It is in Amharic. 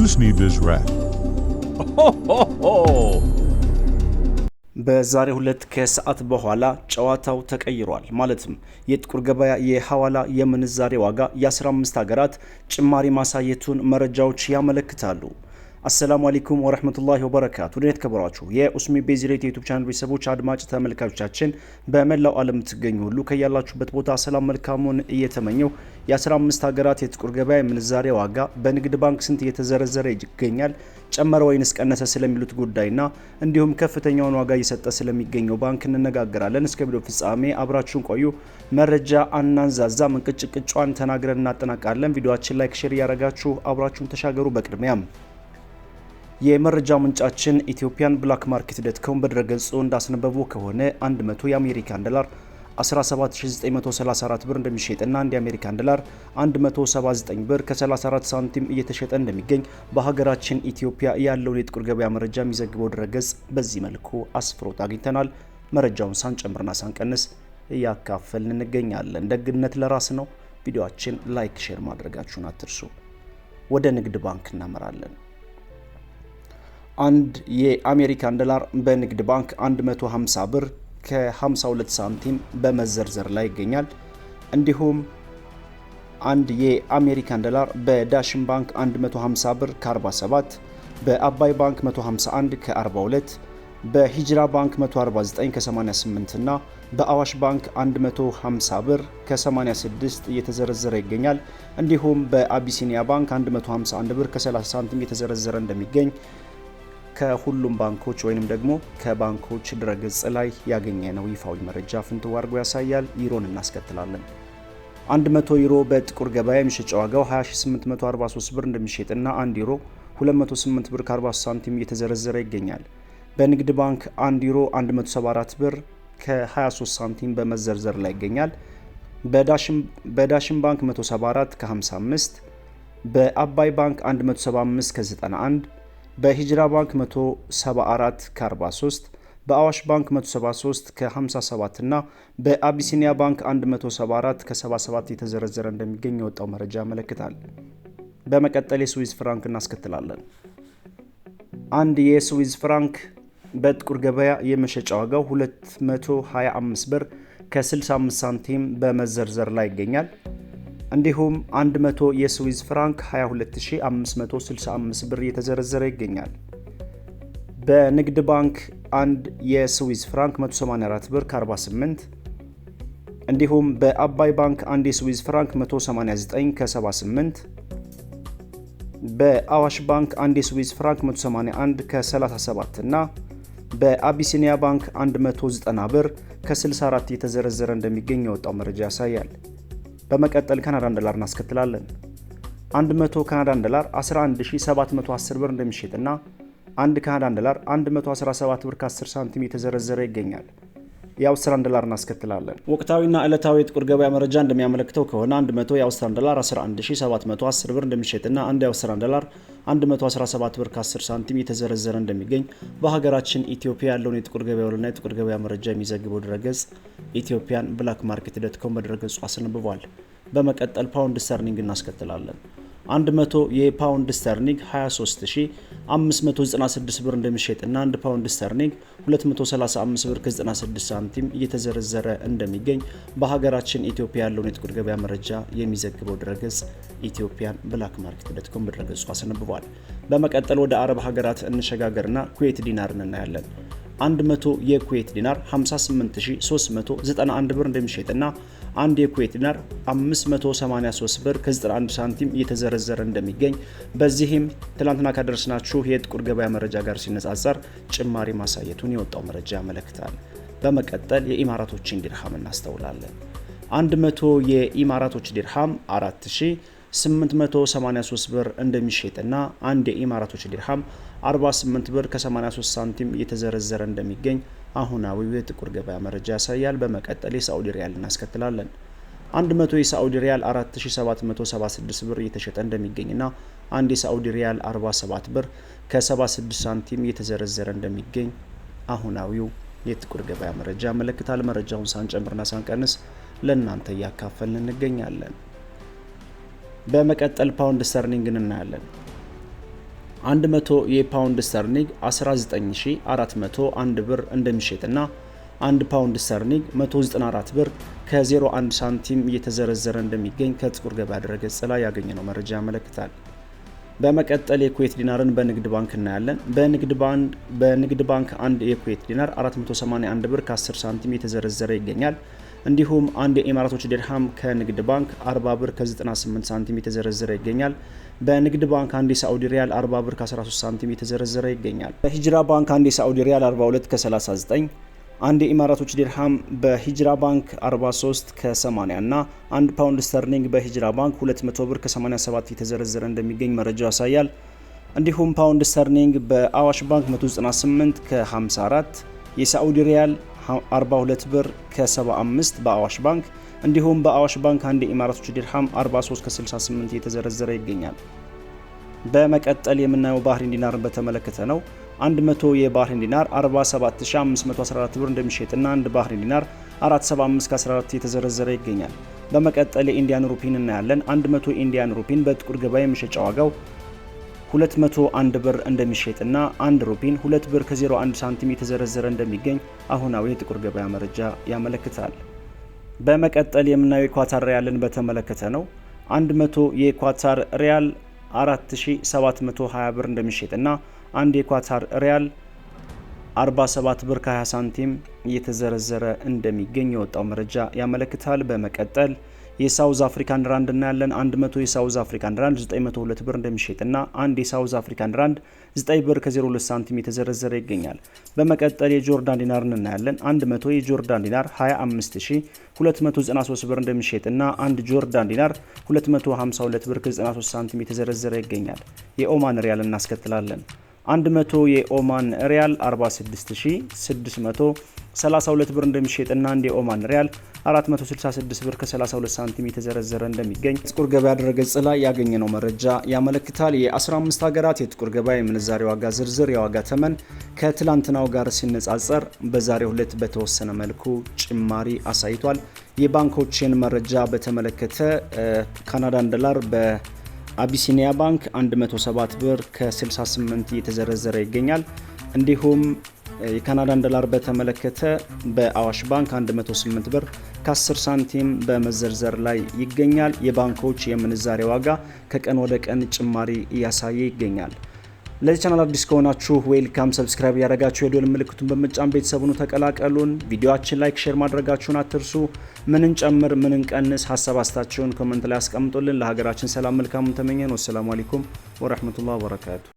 use me this በዛሬ ሁለት ከሰዓት በኋላ ጨዋታው ተቀይሯል። ማለትም የጥቁር ገበያ የሐዋላ የምንዛሬ ዋጋ የ15 ሀገራት ጭማሪ ማሳየቱን መረጃዎች ያመለክታሉ። አሰላሙ አለይኩም ወረህመቱላሂ ወበረካቱ። ውድ የተከበራችሁ የኡስሚ ቤዝሬት የዩቱብ ቻናል ቤተሰቦች አድማጭ ተመልካቾቻችን በመላው ዓለም ትገኙ ሁሉ ከያላችሁበት ቦታ ሰላም መልካሙን እየተመኘው የ15 ሀገራት የጥቁር ገበያ የምንዛሬ ዋጋ በንግድ ባንክ ስንት እየተዘረዘረ ይገኛል ጨመረ ወይንስ ቀነሰ ስለሚሉት ጉዳይና እንዲሁም ከፍተኛውን ዋጋ እየሰጠ ስለሚገኘው ባንክ እንነጋገራለን። እስከ ቪዲዮ ፍጻሜ አብራችሁን ቆዩ። መረጃ አናንዛዛ ምንቅጭቅጯን ተናግረን እናጠናቃለን። ቪዲዮችን ላይክ፣ ሼር እያረጋችሁ አብራችሁን ተሻገሩ። በቅድሚያም የመረጃ ምንጫችን ኢትዮጵያን ብላክ ማርኬት ዶት ኮም በድረገጹ እንዳስነበቡ ከሆነ 100 የአሜሪካን ዶላር 17934 ብር እንደሚሸጥና አንድ የአሜሪካን ዶላር 179 ብር ከ34 ሳንቲም እየተሸጠ እንደሚገኝ በሀገራችን ኢትዮጵያ ያለውን የጥቁር ገበያ መረጃ የሚዘግበው ድረገጽ በዚህ መልኩ አስፍሮት አግኝተናል። መረጃውን ሳንጨምርና ሳንቀንስ እያካፈልን እንገኛለን። ደግነት ለራስ ነው። ቪዲዮችን ላይክ፣ ሼር ማድረጋችሁን አትርሱ። ወደ ንግድ ባንክ እናመራለን። አንድ የአሜሪካን ዶላር በንግድ ባንክ 150 ብር ከ52 ሳንቲም በመዘርዘር ላይ ይገኛል። እንዲሁም አንድ የአሜሪካን ዶላር በዳሽን ባንክ 150 ብር ከ47፣ በአባይ ባንክ 151 ከ42፣ በሂጅራ ባንክ 149 ከ88 እና በአዋሽ ባንክ 150 ብር ከ86 እየተዘረዘረ ይገኛል። እንዲሁም በአቢሲኒያ ባንክ 151 ብር ከ30 ሳንቲም እየተዘረዘረ እንደሚገኝ ከሁሉም ባንኮች ወይንም ደግሞ ከባንኮች ድረገጽ ላይ ያገኘነው ይፋዊ መረጃ ፍንትው አድርጎ ያሳያል። ዩሮን እናስከትላለን። 100 ዩሮ በጥቁር ገበያ የመሸጫ ዋጋው 20843 ብር እንደሚሸጥና 1 ዩሮ 208 ብር ከ40 ሳንቲም እየተዘረዘረ ይገኛል። በንግድ ባንክ 1 ዩሮ 174 ብር ከ23 ሳንቲም በመዘርዘር ላይ ይገኛል። በዳሽን ባንክ 174 ከ55፣ በአባይ ባንክ 175 ከ91 በሂጅራ ባንክ 174 ከ43 በአዋሽ ባንክ 173 ከ57 እና በአቢሲኒያ ባንክ 174 ከ77 የተዘረዘረ እንደሚገኝ የወጣው መረጃ ያመለክታል። በመቀጠል የስዊዝ ፍራንክ እናስከትላለን። አንድ የስዊዝ ፍራንክ በጥቁር ገበያ የመሸጫ ዋጋው 225 ብር ከ65 ሳንቲም በመዘርዘር ላይ ይገኛል። እንዲሁም 100 የስዊዝ ፍራንክ 22565 ብር እየተዘረዘረ ይገኛል። በንግድ ባንክ 1 የስዊዝ ፍራንክ 184 ብር ከ48 እንዲሁም በአባይ ባንክ 1 የስዊዝ ፍራንክ 189 ከ78 በአዋሽ ባንክ 1 የስዊዝ ፍራንክ 181 ከ37 እና በአቢሲኒያ ባንክ 190 ብር ከ64 የተዘረዘረ እንደሚገኝ የወጣው መረጃ ያሳያል። በመቀጠል ካናዳን ዶላር እናስከትላለን። 100 ካናዳን ዶላር 11710 ብር እንደሚሸጥና 1 ካናዳን ዶላር 117 ብር ከ10 ሳንቲም የተዘረዘረ ይገኛል። የአውስትራን ዶላር እናስከትላለን። ወቅታዊና ዕለታዊ የጥቁር ገበያ መረጃ እንደሚያመለክተው ከሆነ 100 የአውስትራን ዶላር 11710 ብር እንደሚሸጥና 1 የአውስትራን ዶላር 117 ብር ከ10 ሳንቲም የተዘረዘረ እንደሚገኝ በሀገራችን ኢትዮጵያ ያለውን የጥቁር ገበያ ውልና የጥቁር ገበያ መረጃ የሚዘግበው ድረገጽ ኢትዮጵያን ብላክ ማርኬት ዶት ኮም በድረገጹ አስነብቧል። በመቀጠል ፓውንድ ስተርሊንግ እናስከትላለን። 100 የፓውንድ ስተርሊንግ 23596 ብር እንደሚሸጥና 1 ፓውንድ ስተርሊንግ 235 ብር ከ96 ሳንቲም እየተዘረዘረ እንደሚገኝ በሀገራችን ኢትዮጵያ ያለውን የጥቁር ገበያ መረጃ የሚዘግበው ድረገጽ ኢትዮጵያን ብላክ ማርኬት ዶት ኮም ድረገጹ አስነብቧል። በመቀጠል ወደ አረብ ሀገራት እንሸጋገርና ኩዌት ዲናርን እናያለን። 100 የኩዌት ዲናር 58391 ብር እንደሚሸጥና አንድ የኩዌት ዲናር 583 ብር ከ91 ሳንቲም እየተዘረዘረ እንደሚገኝ በዚህም ትላንትና ካደረስናችሁ የጥቁር ገበያ መረጃ ጋር ሲነጻጸር ጭማሪ ማሳየቱን የወጣው መረጃ ያመለክታል። በመቀጠል የኢማራቶችን ዲርሃም እናስተውላለን። 100 የኢማራቶች ዲርሃም 4000 883 ብር እንደሚሸጥና አንድ የኢማራቶች ዲርሃም 48 ብር ከ83 ሳንቲም እየተዘረዘረ እንደሚገኝ አሁናዊው የጥቁር ገበያ መረጃ ያሳያል። በመቀጠል የሳዑዲ ሪያል እናስከትላለን። 100 የሳዑዲ ሪያል 4776 ብር እየተሸጠ እንደሚገኝና አንድ የሳዑዲ ሪያል 47 ብር ከ76 ሳንቲም እየተዘረዘረ እንደሚገኝ አሁናዊው የጥቁር ገበያ መረጃ ያመለክታል። መረጃውን ሳንጨምርና ሳንቀንስ ለእናንተ እያካፈልን እንገኛለን። በመቀጠል ፓውንድ ስተርሊንግን እናያለን። 100 የፓውንድ ስተርሊንግ 19401 ብር እንደሚሸጥና 1 ፓውንድ ስተርሊንግ 194 ብር ከ01 ሳንቲም እየተዘረዘረ እንደሚገኝ ከጥቁር ገበያ ድረገጽ ላይ ያገኘነው መረጃ ያመለክታል። በመቀጠል የኩዌት ዲናርን በንግድ ባንክ እናያለን። በንግድ ባንክ አንድ የኩዌት ዲናር 481 ብር ከ10 ሳንቲም እየተዘረዘረ ይገኛል። እንዲሁም አንድ የኢማራቶች ዲርሃም ከንግድ ባንክ 40 ብር ከ98 ሳንቲም የተዘረዘረ ይገኛል። በንግድ ባንክ አንድ የሳዑዲ ሪያል 40 ብር ከ13 ሳንቲም የተዘረዘረ ይገኛል። በሂጅራ ባንክ አንድ የሳዑዲ ሪያል 42 ከ39 አንድ የኢማራቶች ዲርሃም በሂጅራ ባንክ 43 ከ80 እና አንድ ፓውንድ ስተርሊንግ በሂጅራ ባንክ 200 ብር ከ87 የተዘረዘረ እንደሚገኝ መረጃው ያሳያል። እንዲሁም ፓውንድ ስተርሊንግ በአዋሽ ባንክ 198 ከ54 የሳዑዲ ሪያል 42 ብር ከ75 በአዋሽ ባንክ እንዲሁም በአዋሽ ባንክ አንድ የኢማራቶች ዲርሃም 43 ከ68 የተዘረዘረ ይገኛል። በመቀጠል የምናየው ባህሪን ዲናርን በተመለከተ ነው። 100 የባህሪን ዲናር 47514 ብር እንደሚሸጥና አንድ ባህሪን ዲናር 475 ከ14 የተዘረዘረ ይገኛል። በመቀጠል የኢንዲያን ሩፒን እናያለን። 100 ኢንዲያን ሩፒን በጥቁር ገበያ የመሸጫ ዋጋው 201 ብር እንደሚሸጥና 1 ሩፒን 2 ብር ከ01 ሳንቲም የተዘረዘረ እንደሚገኝ አሁናዊ የጥቁር ገበያ መረጃ ያመለክታል። በመቀጠል የምናየው የኳታር ሪያልን በተመለከተ ነው። 100 የኳታር ሪያል 4720 ብር እንደሚሸጥና 1 የኳታር ሪያል 47 ብር ከ20 ሳንቲም እየተዘረዘረ እንደሚገኝ የወጣው መረጃ ያመለክታል። በመቀጠል የሳውዝ አፍሪካን ራንድ እናያለን። 100 የሳውዝ አፍሪካን ራንድ 902 ብር እንደሚሸጥና አንድ የሳውዝ አፍሪካን ራንድ 9 ብር ከ02 ሳንቲም የተዘረዘረ ይገኛል። በመቀጠል የጆርዳን ዲናር እናያለን። 100 የጆርዳን ዲናር 25293 ብር እንደሚሸጥና አንድ ጆርዳን ዲናር 252 ብር ከ93 ሳንቲም የተዘረዘረ ይገኛል። የኦማን ሪያል እናስከትላለን። 100 የኦማን ሪያል 46600 32 ብር እንደሚሸጥና እንደ ኦማን ሪያል 466 ብር ከ32 ሳንቲም የተዘረዘረ እንደሚገኝ ጥቁር ገበያ ድረገጽ ላይ ያገኘነው መረጃ ያመለክታል። የ15 ሀገራት የጥቁር ገበያ የምንዛሬ ዋጋ ዝርዝር የዋጋ ተመን ከትላንትናው ጋር ሲነጻጸር በዛሬው ዕለት በተወሰነ መልኩ ጭማሪ አሳይቷል። የባንኮችን መረጃ በተመለከተ ካናዳን ዶላር በአቢሲኒያ ባንክ 107 ብር ከ68 እየተዘረዘረ ይገኛል። እንዲሁም የካናዳን ዶላር በተመለከተ በአዋሽ ባንክ 108 ብር ከ10 ሳንቲም በመዘርዘር ላይ ይገኛል። የባንኮች የምንዛሬ ዋጋ ከቀን ወደ ቀን ጭማሪ እያሳየ ይገኛል። ለዚህ ቻናል አዲስ ከሆናችሁ ዌልካም፣ ሰብስክራይብ ያደረጋችሁ የዶል ምልክቱን በመጫን ቤተሰቡን ተቀላቀሉን። ቪዲዮችን ላይክ፣ ሼር ማድረጋችሁን አትርሱ። ምንን ጨምር፣ ምንን ቀንስ፣ ሀሳብ አስታችሁን ኮመንት ላይ አስቀምጡልን። ለሀገራችን ሰላም መልካሙን ተመኘን። ወሰላሙ አሌይኩም ወረህመቱላህ ወበረካቱ